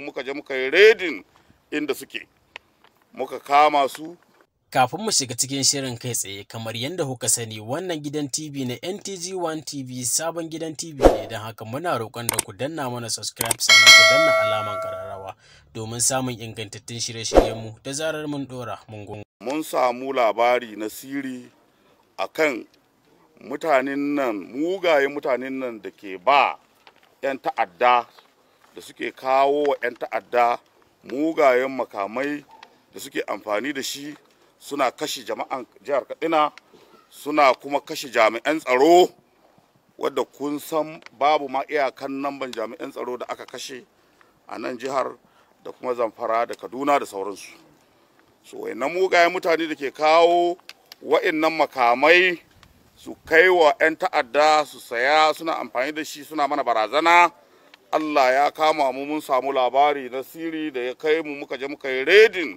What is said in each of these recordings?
muka je muka yi redin inda suke muka kama su kafin mu shiga cikin shirin kai tsaye kamar yadda kuka sani wannan gidan tv na ntg 1 tv sabon gidan tv ne don haka muna roƙon da ku danna mana subscribe sannan ku danna alaman kararrawa domin samun ingantattun shirye-shiryenmu da zarar mun dora mun gungu mun samu labari na siri akan mutanen nan mugaye mutanen nan da ke ba 'yan ta'adda da suke kawo wa 'yan ta'adda mugayen makamai da suke amfani da shi suna kashe jama'an jihar katsina suna kuma kashe jami'an tsaro wadda kun san babu ma iyakan nan ban jami'an tsaro da aka kashe a nan jihar da kuma zamfara da kaduna da sauransu so na mugayen mutane da ke kawo nan makamai su kai wa 'yan ta'adda su saya suna amfani da shi suna mana barazana Allah ya kama mu mun samu labari na siri da ya kai mu muka je muka yi redin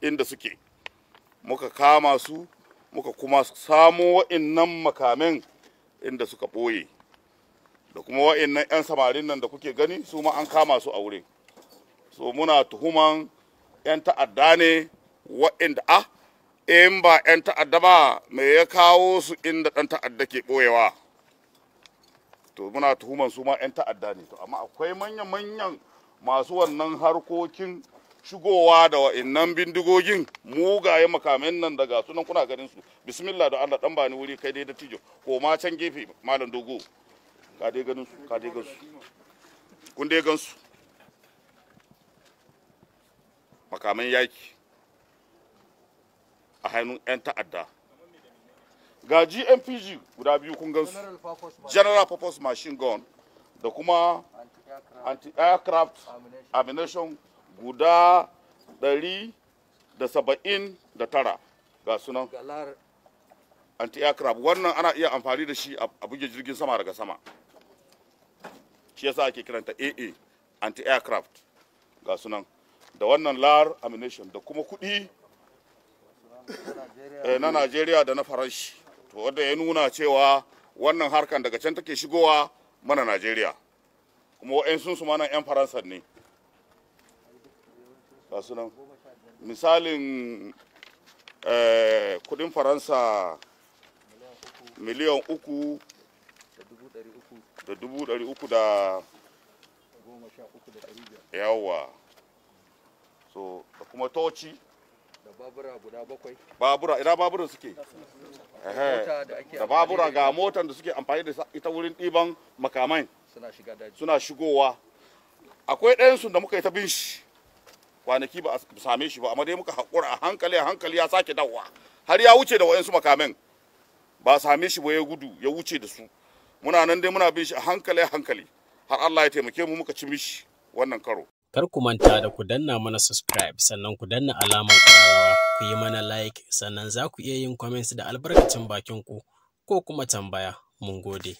inda suke muka kama su muka kuma samu wa'innan makamin inda suka ɓoye da kuma wa'innan 'yan samarin nan da kuke gani su ma an kama su a wurin so muna tuhuman 'yan ta'adda ne wa'inda a ah, in ba 'yan ta'adda ba me ya kawo su inda ɗan ta'adda ke ɓoyewa to muna tuhuman su ma 'yan ta'adda ne to amma akwai manya-manyan masu wannan harkokin shigowa da wa'innan bindigogin mugaye makamai nan daga sunan kuna ganin su bismillah da Allah dan ba ni wuri kai dai da tijo ko ma can gefe malam dogo ka dai ganin su ka dai su kun dai su makamai yaki a hannun 'yan ta'adda ga gmpg guda biyu kun gansu general purpose machine gun da kuma anti-aircraft ammunition guda 179 ga sunan anti-aircraft wannan ana iya amfani da shi a buge jirgin sama daga sama shi yasa ake kiranta aa anti-aircraft ga sunan da wannan lar ammunition da kuma kudi na nigeria eh, da na faranshi to wanda ya nuna cewa wannan harkan daga can take shigowa mana najeriya kuma wa'yansu su mana 'yan faransa ne misalin eh, kudin faransa miliyan uku da dubu dari uku da yawa so da kuma toci da babura guda babura ina suke da babura ga motan da suke amfani da ita wurin ɗiban makamai suna shigowa akwai ɗayansu da muka yi ta bin shi kwanaki ba a same shi ba amma dai muka haƙura a hankali a hankali ya sake dawowa har ya wuce da wayansu makamin ba a same shi ba ya gudu ya wuce da su muna nan dai muna bin shi a hankali a hankali har Allah ya taimake mu muka ci mishi wannan karo Kar ku manta da ku danna mana subscribe sannan ku danna alamar ƙararrawa ku yi mana like sannan za ku iya yin comments da albarkacin bakin ku ko kuma tambaya. Mun gode.